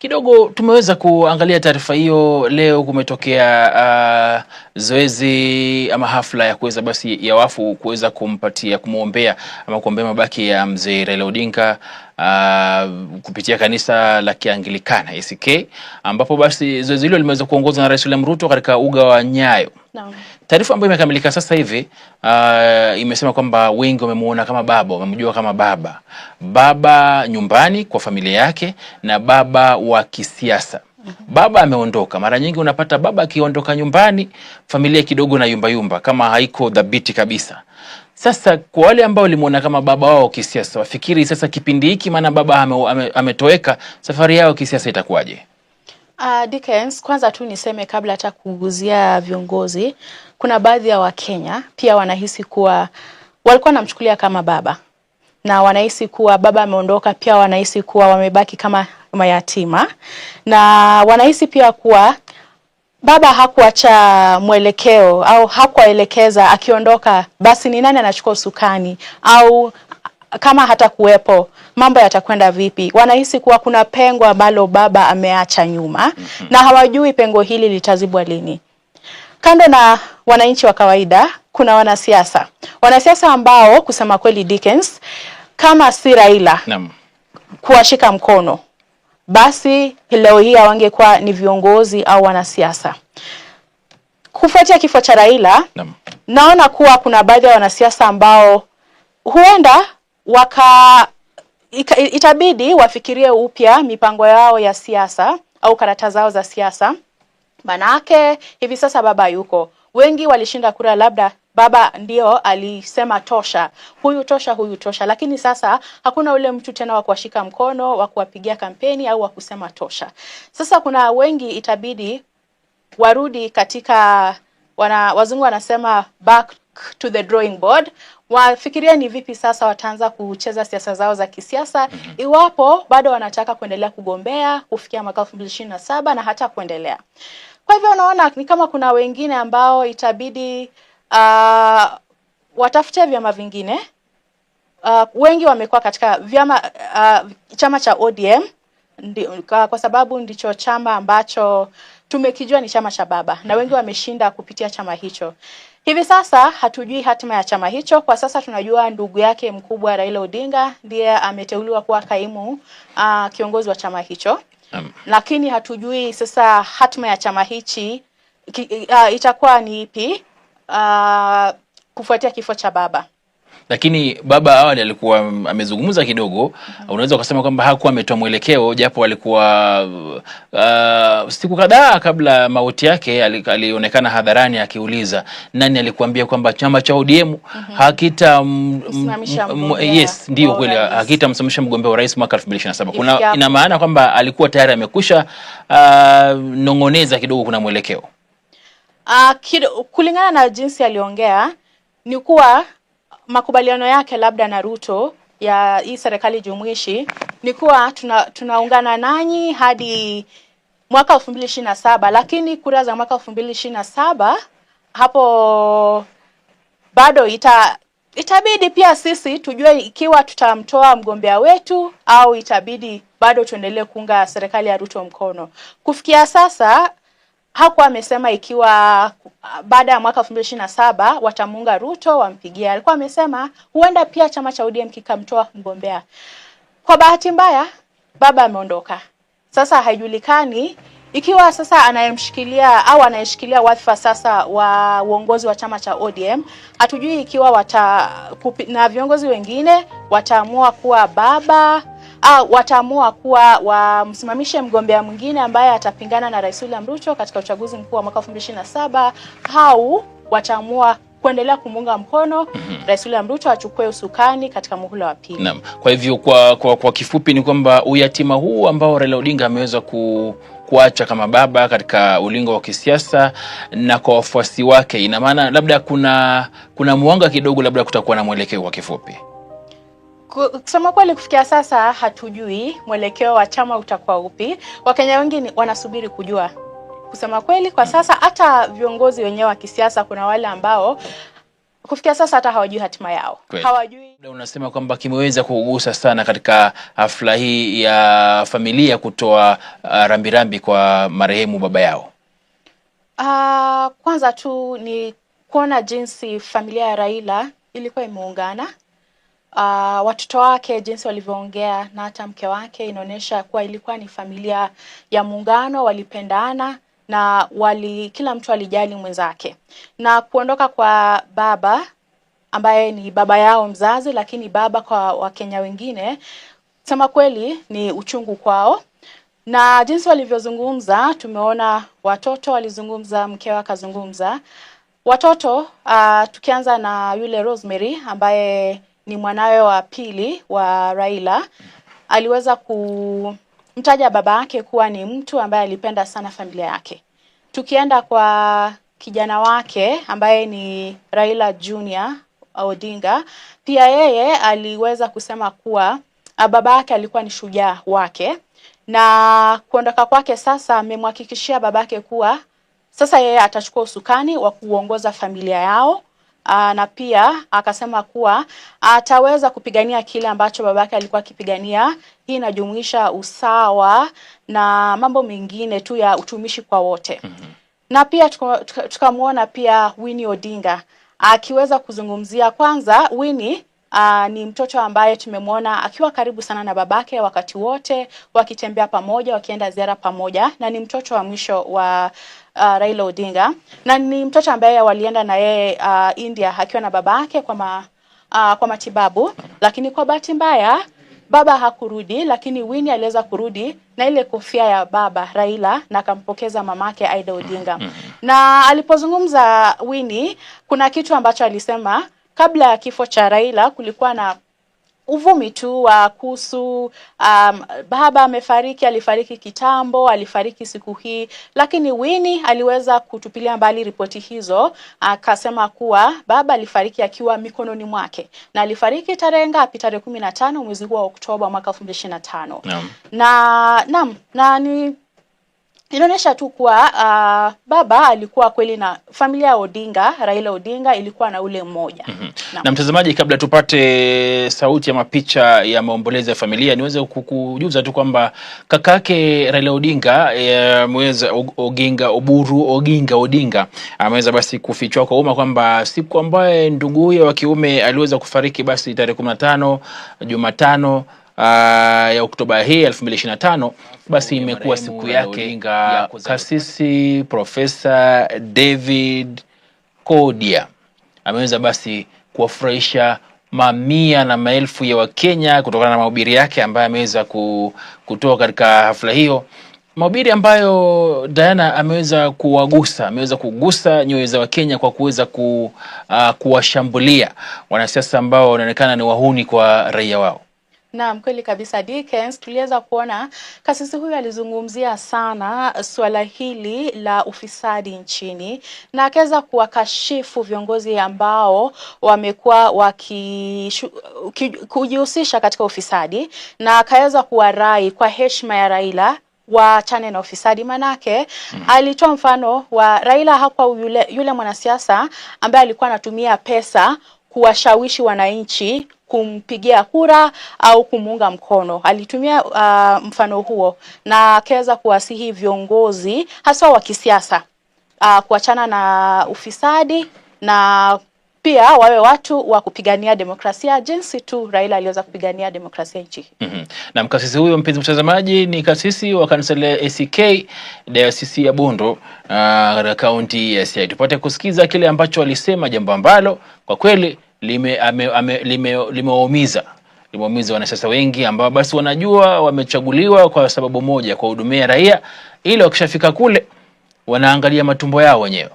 Kidogo tumeweza kuangalia taarifa hiyo leo, kumetokea uh, zoezi ama hafla ya kuweza basi ya wafu kuweza kumpatia kumwombea ama kuombea mabaki ya mzee Raila Odinga uh, kupitia kanisa la Kianglikana ACK, ambapo basi zoezi hilo limeweza kuongozwa na Rais William Ruto katika uga wa Nyayo. Naam. Taarifa ambayo imekamilika sasa hivi uh, imesema kwamba wengi wamemuona kama baba, wamemjua kama baba, baba nyumbani kwa familia yake na baba wa kisiasa baba ameondoka. Mara nyingi unapata baba akiondoka nyumbani, familia kidogo na yumbayumba, kama haiko dhabiti kabisa. Sasa kwa wale ambao walimuona kama baba wao kisiasa, wafikiri sasa kipindi hiki, maana baba ametoweka, ame, ame safari yao kisiasa itakuwaje? Uh, Dickens, kwanza tu niseme kabla hata kuguzia viongozi, kuna baadhi ya Wakenya pia wanahisi kuwa walikuwa wanamchukulia kama baba na wanahisi kuwa baba ameondoka, pia wanahisi kuwa wamebaki kama mayatima na wanahisi pia kuwa baba hakuacha mwelekeo au hakuwaelekeza, akiondoka basi ni nani anachukua usukani au kama hata kuwepo mambo yatakwenda vipi? Wanahisi kuwa kuna pengo ambalo baba ameacha nyuma mm -hmm. na hawajui pengo hili litazibwa lini. Kando na wananchi wa kawaida, kuna wanasiasa, wanasiasa ambao kusema kweli Dickens, kama si Raila kuwashika mkono basi leo hii hawangekuwa ni viongozi au wanasiasa. Kufuatia kifo cha Raila na, naona kuwa kuna baadhi ya wanasiasa ambao huenda waka itabidi wafikirie upya mipango yao ya siasa au karata zao za siasa. Manake hivi sasa baba yuko, wengi walishinda kura labda baba ndio alisema tosha, huyu tosha, huyu tosha, lakini sasa hakuna ule mtu tena wa kuwashika mkono wa kuwapigia kampeni au wa kusema tosha. Sasa kuna wengi itabidi warudi katika wana, wazungu wanasema back to the drawing board wafikiria ni vipi sasa wataanza kucheza siasa zao za kisiasa mhm. iwapo bado wanataka kuendelea kugombea kufikia mwaka saba na hata kuendelea. Kwa hivyo unaona ni kama kuna wengine ambao itabidi uh, ah, watafute vyama vingine uh, wengi wamekuwa katika vyama uh, chama cha ODM ndi, uh, kwa sababu ndicho chama ambacho tumekijua ni chama cha baba na wengi wameshinda kupitia chama hicho. Hivi sasa hatujui hatima ya chama hicho. Kwa sasa tunajua ndugu yake mkubwa Raila Odinga ndiye ameteuliwa kuwa kaimu uh, kiongozi wa chama hicho um, lakini hatujui sasa hatima ya chama hichi ki, uh, itakuwa ni ipi uh, kufuatia kifo cha baba lakini baba awali alikuwa amezungumza kidogo. mm -hmm. Unaweza ukasema kwamba hakuwa ametoa mwelekeo, japo alikuwa uh, siku kadhaa kabla mauti yake alionekana hadharani akiuliza nani alikuambia kwamba chama cha ODM mm -hmm. hakita yes, ndio kweli, hakitamsimamisha mgombea wa rais mwaka 2027. Kuna ina maana kwamba alikuwa tayari amekusha uh, nong'oneza kidogo, kuna mwelekeo Uh, kid, kulingana na jinsi aliongea ni kuwa makubaliano yake labda na Ruto ya hii serikali jumuishi ni kuwa tuna, tunaungana nanyi hadi mwaka elfu mbili ishirini na saba lakini kura za mwaka elfu mbili ishirini na saba hapo bado ita itabidi pia sisi tujue ikiwa tutamtoa mgombea wetu au itabidi bado tuendelee kuunga serikali ya Ruto mkono. Kufikia sasa hakuwa amesema ikiwa uh, baada ya mwaka elfu saba watamuunga Ruto wampigia. Alikuwa amesema huenda pia chama cha ODM kikamtoa mgombea. Kwa bahati mbaya, baba ameondoka. Sasa haijulikani ikiwa sasa anayemshikilia au anayeshikilia wadhifa sasa wa uongozi wa chama cha ODM, hatujui ikiwa wata kupi, na viongozi wengine wataamua kuwa baba au ah, wataamua kuwa wamsimamishe mgombea mwingine ambaye atapingana na Rais William Ruto katika uchaguzi mkuu wa mwaka 2027 au wataamua kuendelea kumuunga mkono mm -hmm. Rais William Ruto achukue usukani katika muhula wa pili. Naam. Kwa hivyo kwa, kwa, kwa kifupi ni kwamba uyatima huu ambao Raila Odinga ameweza ku kuacha kama baba katika ulingo wa kisiasa na kwa wafuasi wake, ina maana labda kuna kuna mwanga kidogo, labda kutakuwa na mwelekeo wa kifupi Kusema kweli kufikia sasa hatujui mwelekeo wa chama utakuwa upi. Wakenya wengi wanasubiri kujua. Kusema kweli kwa sasa hata viongozi wenyewe wa kisiasa kuna wale ambao kufikia sasa hata hawajui hatima yao. Hawajui. Unasema kwamba kimeweza kugusa sana katika hafla hii ya familia kutoa uh, rambirambi kwa marehemu baba yao. Uh, kwanza tu ni kuona jinsi familia ya Raila ilikuwa imeungana Uh, watoto wake jinsi walivyoongea na hata mke wake inaonyesha kuwa ilikuwa ni familia ya muungano, walipendana na wali, kila mtu alijali mwenzake. Na kuondoka kwa baba ambaye ni baba yao mzazi, lakini baba kwa Wakenya wengine, sema kweli ni uchungu kwao na jinsi walivyozungumza, tumeona watoto walizungumza, mkewe akazungumza. Watoto uh, tukianza na yule Rosemary ambaye ni mwanawe wa pili wa Raila, aliweza kumtaja baba yake kuwa ni mtu ambaye alipenda sana familia yake. Tukienda kwa kijana wake ambaye ni Raila Junior Odinga, pia yeye aliweza kusema kuwa ah, baba yake alikuwa ni shujaa wake na kuondoka kwake sasa amemhakikishia babake kuwa sasa yeye atachukua usukani wa kuongoza familia yao aa, ah, na pia akasema kuwa ataweza kupigania kile ambacho babake alikuwa akipigania. Hii inajumuisha usawa na mambo mengine tu ya utumishi kwa wote mm -hmm. Na pia tukamwona tuka pia Winnie Odinga akiweza kuzungumzia kwanza Winnie Uh, ni mtoto ambaye tumemwona akiwa karibu sana na babake wakati wote wakitembea pamoja, wakienda ziara pamoja, na ni mtoto wa mwisho wa uh, Raila Odinga, na ni mtoto ambaye walienda na yeye uh, India akiwa na babake kwa, ma, uh, kwa matibabu, lakini kwa bahati mbaya baba hakurudi, lakini Winnie aliweza kurudi na ile kofia ya baba Raila na akampokeza mamake Aida Odinga. Mm-hmm. Na alipozungumza Winnie, kuna kitu ambacho alisema kabla ya kifo cha Raila kulikuwa na uvumi tu wa kuhusu um, baba amefariki, alifariki kitambo, alifariki siku hii, lakini Winnie aliweza kutupilia mbali ripoti hizo, akasema kuwa baba alifariki akiwa mikononi mwake na alifariki tarehe ngapi? Tarehe kumi na tano mwezi huu wa Oktoba mwaka elfu mbili ishirini na tano. Naam, na naam, na ni inaonyesha tu kuwa uh, baba alikuwa kweli na familia ya Odinga, Raila Odinga ilikuwa na ule mmoja. mm -hmm. na, na mtazamaji, kabla tupate sauti ya mapicha ya maombolezo ya familia, niweze kukujuza tu kwamba kakake Raila Odinga e, mweza Oginga Oburu Oginga Odinga ameweza basi kufichwa kwa umma kwamba siku ambaye ndugu huyo wa kiume aliweza kufariki basi tarehe 15 Jumatano uh, ya Oktoba hii 2025 basi imekuwa siku yake ya kasisi Profesa David Kodia ameweza basi kuwafurahisha mamia na maelfu ya Wakenya kutokana na mahubiri yake ambayo ameweza kutoa katika hafla hiyo, mahubiri ambayo Diana ameweza kuwagusa, ameweza kugusa nyoyo za Wakenya kwa kuweza ku, uh, kuwashambulia wanasiasa ambao wanaonekana ni wahuni kwa raia wao. Naam, kweli kabisa Dickens, tuliweza kuona kasisi huyu alizungumzia sana suala hili la ufisadi nchini na akaweza kuwakashifu viongozi ambao wamekuwa wakijihusisha katika ufisadi na akaweza kuwarai kwa heshima ya Raila waachane na ufisadi manake, mm. Alitoa mfano wa Raila hapa, yule, yule mwanasiasa ambaye alikuwa anatumia pesa kuwashawishi wananchi kumpigia kura au kumuunga mkono. Alitumia uh, mfano huo na akaweza kuwasihi viongozi haswa wa kisiasa uh, kuachana na ufisadi na pia wawe watu wa kupigania demokrasia jinsi tu Raila aliweza kupigania demokrasia nchi. mm -hmm. Na mkasisi huyo, mpenzi mtazamaji, ni kasisi wa kanisa la ACK Dayosisi ya Bondo ah, katika uh, kaunti ya Siaya. Tupate kusikiza kile ambacho alisema, jambo ambalo kwa kweli limewaumiza lime, limewaumiza wanasiasa wengi ambao basi wanajua wamechaguliwa kwa sababu moja, kuwahudumia raia, ili wakishafika kule wanaangalia matumbo yao wenyewe.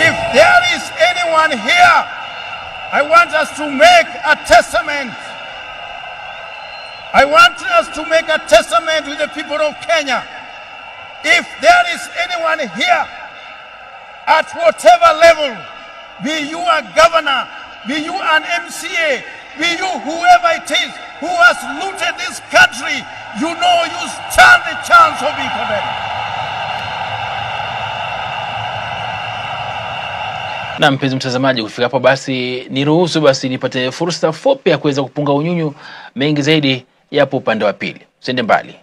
If there is anyone here, I want us to make a testament. I want us to make a testament with the people of Kenya. If there is anyone here, at whatever level, be you a governor, be you an MCA, be you whoever it is who has looted this country, you know you stand the chance of economic. Na mpenzi mtazamaji, kufika hapo basi niruhusu basi nipate fursa fupi ya kuweza kupunga unyunyu. Mengi zaidi yapo upande wa pili, sende mbali.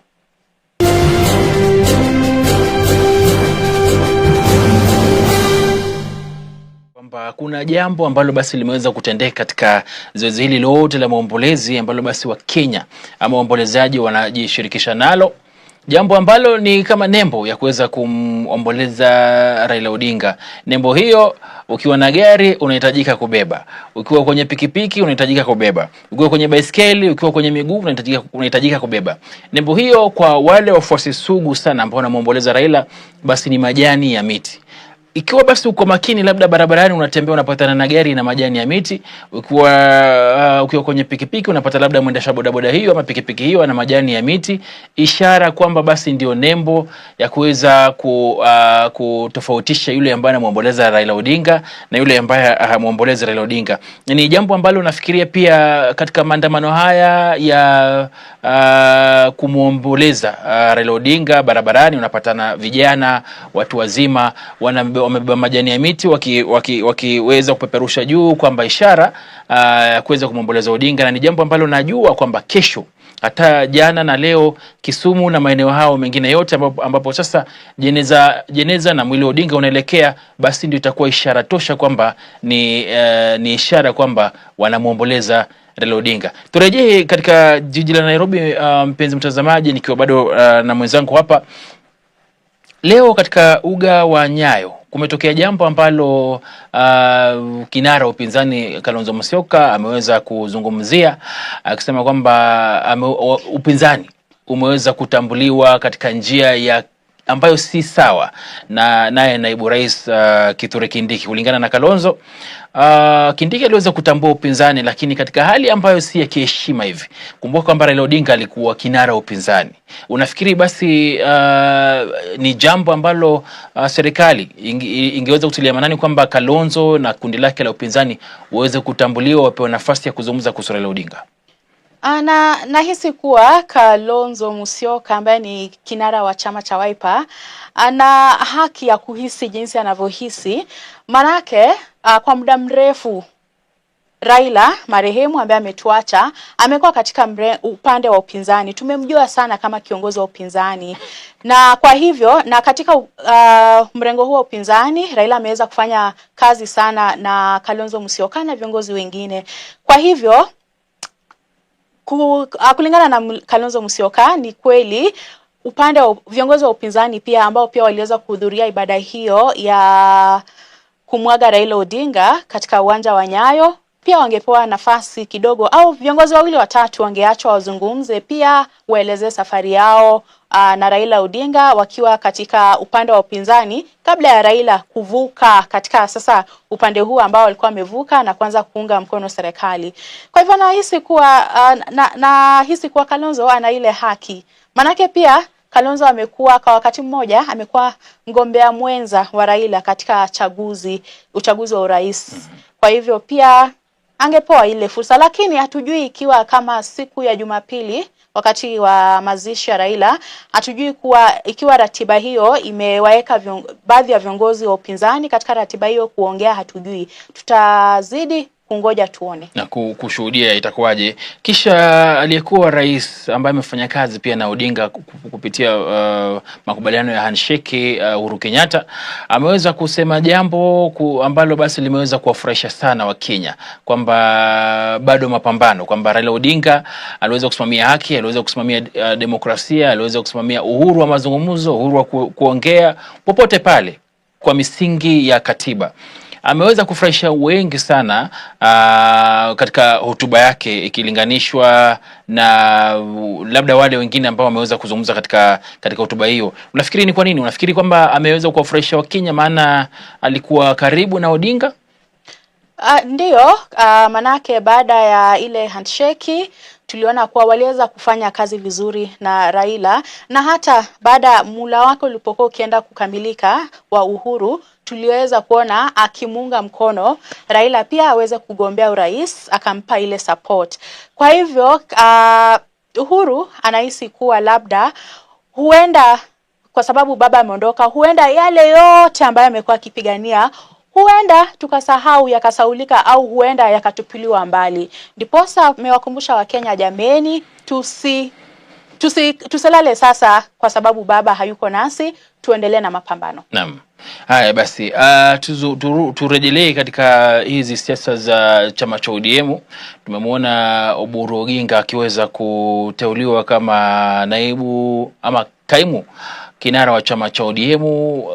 kuna jambo ambalo basi limeweza kutendeka katika zoezi hili lote la maombolezi ambalo basi Wakenya ama waombolezaji wanajishirikisha nalo jambo ambalo ni kama nembo ya kuweza kumomboleza Raila Odinga. Nembo hiyo ukiwa na gari unahitajika kubeba, ukiwa kwenye pikipiki unahitajika kubeba, ukiwa kwenye baiskeli, ukiwa kwenye miguu unahitajika unahitajika kubeba nembo hiyo. Kwa wale wafuasi sugu sana ambao wanamwomboleza Raila, basi ni majani ya miti. Ikiwa basi uko makini, labda barabarani unatembea unapatana na gari na majani ya miti, ukiwa uh, ukiwa kwenye pikipiki unapata labda mwendesha bodaboda hiyo ama pikipiki hiyo na majani ya miti, ishara kwamba basi ndio nembo ya kuweza ku, uh, kutofautisha yule ambaye anamuomboleza Raila Odinga na yule ambaye hamuomboleza uh, Raila Odinga. Ni jambo ambalo nafikiria pia katika maandamano haya ya uh, kumuomboleza uh, Raila Odinga, barabarani unapatana vijana, watu wazima wana wamebeba majani ya miti wakiweza waki, waki kupeperusha juu kwamba ishara uh, ya kuweza kumwomboleza Odinga, na ni jambo ambalo najua kwamba kesho hata jana na leo Kisumu na maeneo hayo mengine yote ambapo, ambapo sasa jeneza, jeneza na mwili wa Odinga unaelekea, basi ndio itakuwa ishara tosha kwamba ni, uh, ni ishara kwamba wanamwomboleza Raila Odinga. Turejee katika jiji la Nairobi, uh, mpenzi mtazamaji, nikiwa bado uh, na mwenzangu hapa Leo katika uga wa Nyayo kumetokea jambo ambalo uh, kinara upinzani Kalonzo Musyoka ameweza kuzungumzia akisema kwamba ame, upinzani umeweza kutambuliwa katika njia ya ambayo si sawa na naye naibu rais uh, Kithure Kindiki. Kulingana na Kalonzo uh, Kindiki aliweza kutambua upinzani, lakini katika hali ambayo si ya kiheshima hivi. Kumbuka kwamba Raila Odinga alikuwa kinara upinzani. Unafikiri basi uh, ni jambo ambalo uh, serikali inge, ingeweza kutilia manani kwamba Kalonzo na kundi lake la upinzani waweze kutambuliwa, wapewe nafasi ya kuzungumza kuhusu Raila Odinga? Ana, ah, nahisi kuwa Kalonzo Musyoka ambaye ni kinara wa chama cha Wiper ana haki ya kuhisi jinsi anavyohisi, manake uh, ah, kwa muda mrefu Raila marehemu ambaye ametuacha amekuwa katika mre, upande wa upinzani. Tumemjua sana kama kiongozi wa upinzani na kwa hivyo na katika uh, mrengo huo wa upinzani Raila ameweza kufanya kazi sana na Kalonzo Musyoka na viongozi wengine. Kwa hivyo Ah, kulingana na Kalonzo Musyoka ni kweli upande wa viongozi wa upinzani pia ambao pia waliweza kuhudhuria ibada hiyo ya kumwaga Raila Odinga katika uwanja wa Nyayo pia wangepewa nafasi kidogo, au viongozi wawili watatu wangeachwa wazungumze, pia waelezee safari yao aa, ah, na Raila Odinga wakiwa katika upande wa upinzani kabla ya Raila kuvuka katika sasa upande huu ambao walikuwa wamevuka na kuanza kuunga mkono serikali. Kwa hivyo nahisi kuwa ah, na, hisi kuwa Kalonzo ana ile haki, manake pia Kalonzo amekuwa kwa wakati mmoja amekuwa mgombea mwenza wa Raila katika chaguzi uchaguzi wa urais. Kwa hivyo pia angepewa ile fursa, lakini hatujui ikiwa kama siku ya Jumapili wakati wa mazishi ya Raila, hatujui kuwa ikiwa ratiba hiyo imewaweka baadhi ya viongozi wa upinzani katika ratiba hiyo kuongea, hatujui. Tutazidi kungoja tuone na kushuhudia itakuwaje. Kisha aliyekuwa rais ambaye amefanya kazi pia na Odinga kupitia uh, makubaliano ya handshake uh, Uhuru Kenyatta ameweza kusema jambo ku, ambalo basi limeweza kuwafurahisha sana Wakenya kwamba bado mapambano, kwamba Raila Odinga aliweza kusimamia haki, aliweza kusimamia uh, demokrasia, aliweza kusimamia uhuru wa mazungumzo, uhuru wa ku, kuongea popote pale kwa misingi ya katiba ameweza kufurahisha wengi sana uh, katika hotuba yake ikilinganishwa na labda wale wengine ambao wameweza kuzungumza katika katika hotuba hiyo. Unafikiri ni kwa nini? Unafikiri kwamba ameweza kuwafurahisha Wakenya maana alikuwa karibu na Odinga? Uh, ndio uh, ah, manake baada ya ile handshake tuliona kuwa waliweza kufanya kazi vizuri na Raila, na hata baada mula wake ulipokuwa ukienda kukamilika wa Uhuru tuliweza kuona akimuunga mkono Raila pia aweze kugombea urais, akampa ile support. Kwa hivyo uh, Uhuru anahisi kuwa labda huenda kwa sababu baba ameondoka, huenda yale yote ambayo amekuwa akipigania huenda tukasahau yakasaulika au huenda yakatupiliwa mbali. Ndiposa mewakumbusha Wakenya, jameni, tusi tusi tusilale sasa kwa sababu baba hayuko nasi, tuendelee na mapambano. Naam. Haya basi, uh, turejelee katika hizi siasa za chama cha ODM. Tumemwona Oburu Oginga akiweza kuteuliwa kama naibu ama kaimu kinara wa chama cha ODM uh,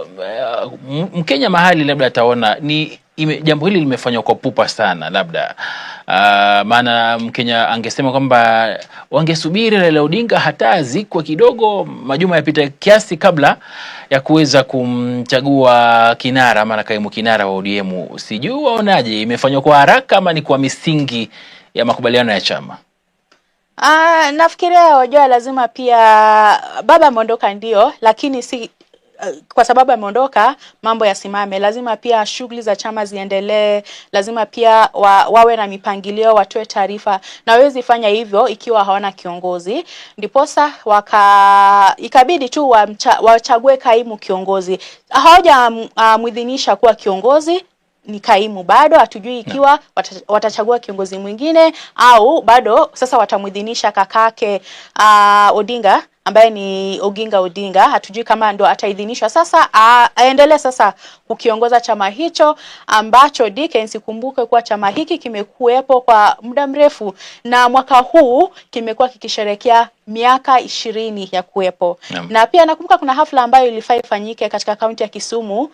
Mkenya mahali labda ataona ni jambo hili limefanywa kwa pupa sana, labda uh, maana Mkenya angesema kwamba wangesubiri Raila Odinga hata azikwe kidogo, majuma yapita kiasi kabla ya kuweza kumchagua kinara ama kaimu kinara wa ODM. Sijui waonaje, imefanywa kwa haraka ama ni kwa misingi ya makubaliano ya chama? Ah, nafikiria wajua lazima pia baba ameondoka ndio, lakini si eh, kwa sababu ameondoka mambo yasimame. Lazima pia shughuli za chama ziendelee, lazima pia wa, wawe na mipangilio, watoe taarifa, na wawezi fanya hivyo ikiwa hawana kiongozi. Ndiposa waka ikabidi tu wachague kaimu kiongozi, hawajamwidhinisha ah, um, kuwa kiongozi ni kaimu bado, hatujui ikiwa watachagua kiongozi mwingine au bado sasa watamwidhinisha kakake uh, Odinga ambaye ni Oginga Odinga. Hatujui kama ndo ataidhinishwa sasa aendelee sasa kukiongoza chama hicho ambacho Dickens, kumbuke kuwa chama hiki kimekuwepo kwa muda mrefu na mwaka huu kimekuwa kikisherekea miaka ishirini ya kuwepo yeah. Na pia nakumbuka kuna hafla ambayo ilifaa ifanyike katika kaunti ya Kisumu uh,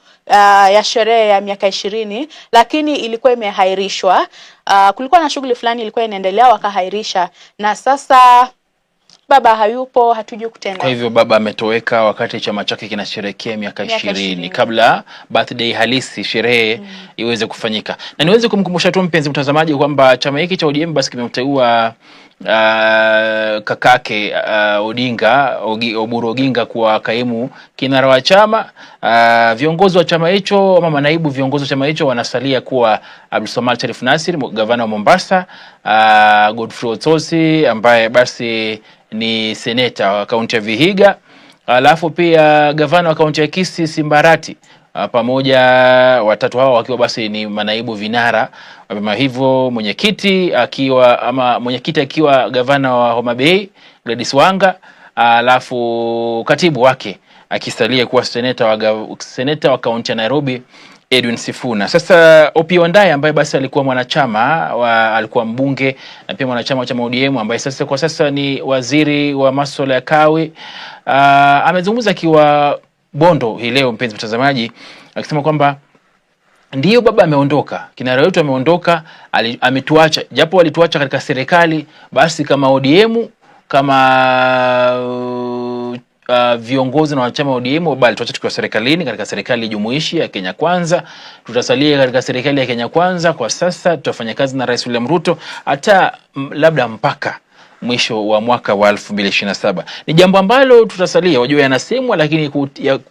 ya sherehe ya miaka ishirini lakini ilikuwa imehairishwa. Uh, kulikuwa na shughuli fulani ilikuwa inaendelea wakahairisha, na sasa baba hayupo, hatujui kutenda. Kwa hivyo baba ametoweka wakati chama chake kinasherehekea miaka ishirini kabla birthday halisi sherehe mm, iweze kufanyika. Na niweze kumkumbusha tu mpenzi mtazamaji kwamba chama hiki cha ODM basi kimemteua uh, ah, kakake uh, Odinga Ogi, Oburu Oginga kuwa kaimu kinara wa chama uh, viongozi wa chama hicho ama manaibu viongozi wa chama hicho wanasalia kuwa Abdulswamad Sharif Nassir, gavana wa Mombasa, uh, Godfrey Otosi ambaye basi ni seneta wa kaunti ya Vihiga, alafu pia gavana wa kaunti ya Kisii Simbarati ah, pamoja watatu hao wakiwa basi ni manaibu vinara wa vyama hivyo, mwenyekiti akiwa ama mwenyekiti akiwa gavana wa Homa Bay Gladys Wanga, alafu katibu wake akisalia kuwa seneta wa seneta wa kaunti ya Nairobi Edwin Sifuna. Sasa Opiyo Wandayi ambaye basi alikuwa mwanachama wa, alikuwa mbunge na pia mwanachama wa chama ODM ambaye sasa kwa sasa ni waziri wa masuala ya kawi uh, amezungumza akiwa Bondo hii leo, mpenzi mtazamaji, akisema kwamba ndio baba ameondoka, kinara wetu ameondoka, ametuacha, japo walituacha katika serikali, basi kama ODM kama uh, viongozi na wanachama wa ODM bali tuache tukiwa serikalini katika serikali jumuishi ya Kenya Kwanza, tutasalia katika serikali ya Kenya Kwanza kwa sasa, tutafanya kazi na Rais William Ruto hata labda mpaka mwisho wa mwaka wa 2027. Ni jambo ambalo tutasalia, wajua yanasemwa, lakini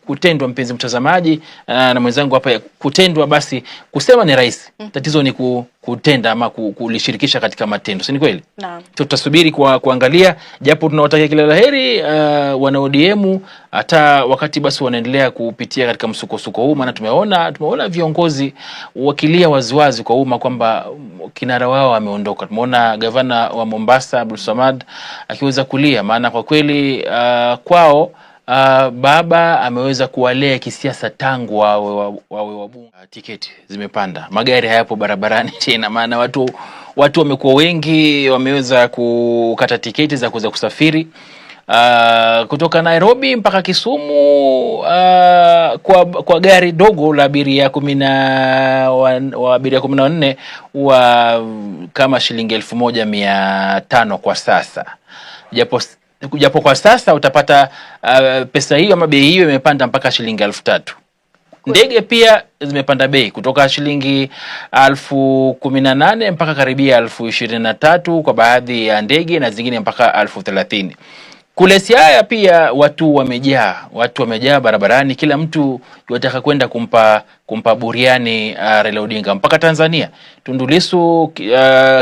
kutendwa, mpenzi mtazamaji, uh, na mwenzangu hapa, kutendwa basi kusema ni rahisi, mm. tatizo ni ku kutenda ama kulishirikisha katika matendo, si ni kweli? Naam. Tutasubiri kwa kuangalia, japo tunawatakia kila la heri uh, wana ODM hata wakati basi wanaendelea kupitia katika msukosuko huu, maana tumeona tumeona viongozi wakilia waziwazi kwa umma kwamba kinara wao ameondoka. Tumeona gavana wa Mombasa Abdul Samad akiweza kulia, maana kwa kweli uh, kwao Uh, baba ameweza kuwalea kisiasa tangu wawe wawe wabunge. Uh, ah, tiketi zimepanda, magari hayapo barabarani tena, maana watu watu wamekuwa wengi, wameweza kukata tiketi za kuweza kusafiri uh, kutoka Nairobi mpaka Kisumu uh, kwa, kwa gari dogo la abiria kumi na wa abiria kumi na wanne wa kama shilingi elfu moja mia tano kwa sasa japo japo kwa sasa utapata uh, pesa hiyo ama bei hiyo imepanda mpaka shilingi elfu tatu. Ndege pia zimepanda bei kutoka shilingi elfu kumi na nane mpaka karibia elfu ishirini na tatu kwa baadhi ya ndege na zingine mpaka elfu thelathini. Kule Siaya pia watu wamejaa, watu wamejaa barabarani, kila mtu wataka kwenda kumpa kumpa buriani uh, Raila Odinga mpaka Tanzania. Tundu Lissu uh,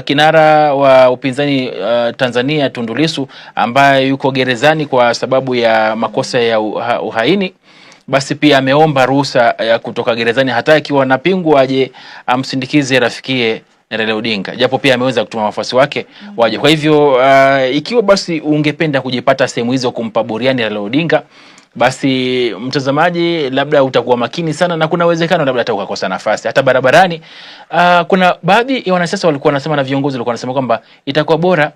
kinara wa upinzani uh, Tanzania, Tundu Lissu ambaye yuko gerezani kwa sababu ya makosa ya uhaini basi pia ameomba ruhusa ya kutoka gerezani, hata akiwa anapingwa aje amsindikize rafikie Raila Odinga, japo pia ameweza kutuma wafuasi wake mm -hmm. waje. Kwa hivyo uh, ikiwa basi ungependa kujipata sehemu hizo kumpa buriani Raila Odinga, basi mtazamaji, labda utakuwa makini sana, na kuna uwezekano labda hata ukakosa nafasi. Hata barabarani, uh, kuna baadhi ya wanasiasa walikuwa wanasema na viongozi walikuwa wanasema kwamba itakuwa bora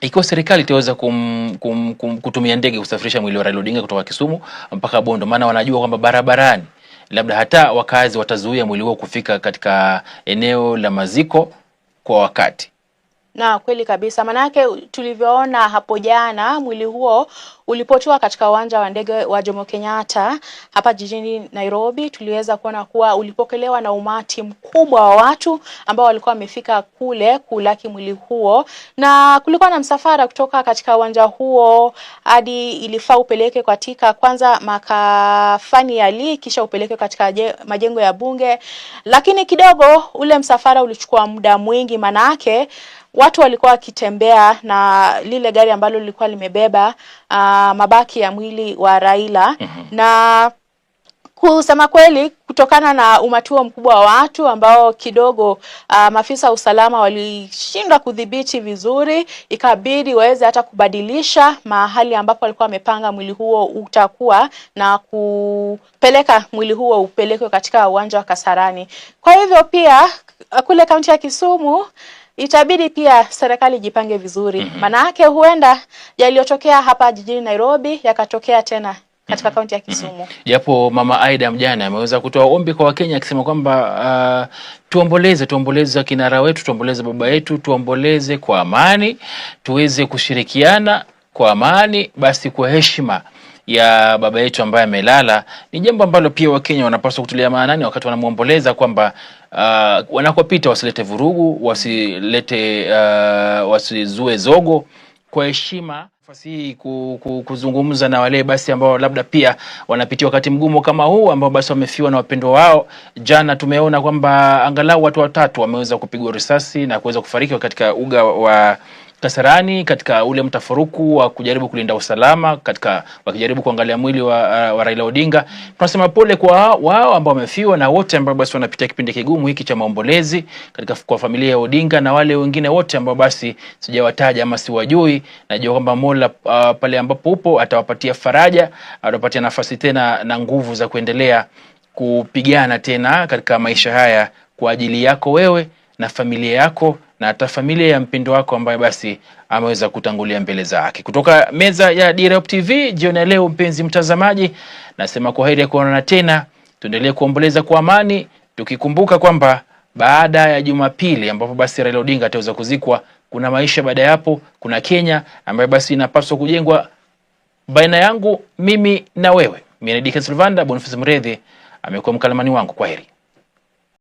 ikiwa serikali itaweza kum, kum, kum, kutumia ndege kusafirisha mwili wa Raila Odinga kutoka Kisumu mpaka Bondo, maana wanajua kwamba barabarani labda hata wakazi watazuia mwili huo kufika katika eneo la maziko kwa wakati. Na kweli kabisa, manake tulivyoona hapo jana, mwili huo ulipotua katika uwanja wa ndege wa Jomo Kenyatta hapa jijini Nairobi, tuliweza kuona kuwa ulipokelewa na umati mkubwa wa watu ambao walikuwa wamefika kule kulaki mwili huo, na kulikuwa na msafara kutoka katika uwanja huo hadi ilifaa upeleke katika kwanza makafani ya Lee, kisha upeleke katika majengo ya bunge, lakini kidogo ule msafara ulichukua muda mwingi manake watu walikuwa wakitembea na lile gari ambalo lilikuwa limebeba uh, mabaki ya mwili wa Raila mm -hmm. na kusema kweli kutokana na umati huo mkubwa wa watu ambao kidogo uh, maafisa wa usalama walishindwa kudhibiti vizuri, ikabidi waweze hata kubadilisha mahali ambapo walikuwa wamepanga mwili huo utakuwa na kupeleka mwili huo upelekwe katika uwanja wa Kasarani. Kwa hivyo pia kule kaunti ya Kisumu itabidi pia serikali ijipange vizuri mm -hmm. yake huenda yaliyotokea hapa jijini Nairobi yakatokea tena katika mhm. kaunti ya mhm. Kisumu. Japo mm -hmm. Mama Aida mjane ameweza kutoa ombi kwa Wakenya akisema kwamba uh, tuomboleze, tuomboleze za kinara wetu, tuomboleze baba yetu, tuomboleze kwa amani, tuweze kushirikiana kwa amani, basi kwa heshima ya baba yetu ambaye amelala ni jambo ambalo pia Wakenya wanapaswa kutulia maanani wakati wanamwomboleza kwamba uh, wanakopita wasilete vurugu, wasilete uh, wasizue zogo kwa heshima nafasi kuzungumza na wale basi ambao labda pia wanapitia wakati mgumu kama huu, ambao basi wamefiwa na wapendwa wao. Jana tumeona kwamba angalau watu watatu wameweza kupigwa risasi na kuweza kufariki katika uga wa Kasarani katika ule mtafaruku wa kujaribu kulinda usalama katika wakijaribu kuangalia mwili wa, uh, wa Raila Odinga. Tunasema pole kwa wao ambao wamefiwa na wote ambao basi wanapitia kipindi kigumu hiki cha maombolezi katika kwa familia ya Odinga na wale wengine wote ambao basi sijawataja ama siwajui. Najua kwamba Mola uh, pale ambapo upo atawapatia faraja, atawapatia nafasi tena na nguvu za kuendelea kupigana tena katika maisha haya kwa ajili yako wewe na familia yako na hata familia ya mpendo wako ambaye basi ameweza kutangulia mbele zake. Kutoka meza ya DREP TV jioni ya leo, mpenzi mtazamaji, nasema kwa heri ya kuonana tena. Tuendelee kuomboleza kwa amani, tukikumbuka kwamba baada ya Jumapili ambapo basi Raila Odinga ataweza kuzikwa, kuna maisha baada ya hapo kuna Kenya ambayo basi inapaswa kujengwa baina yangu mimi na wewe. Mimi ni Dickens Luvanda, Boniface Mredhi amekuwa mkalamani wangu. Kwa heri.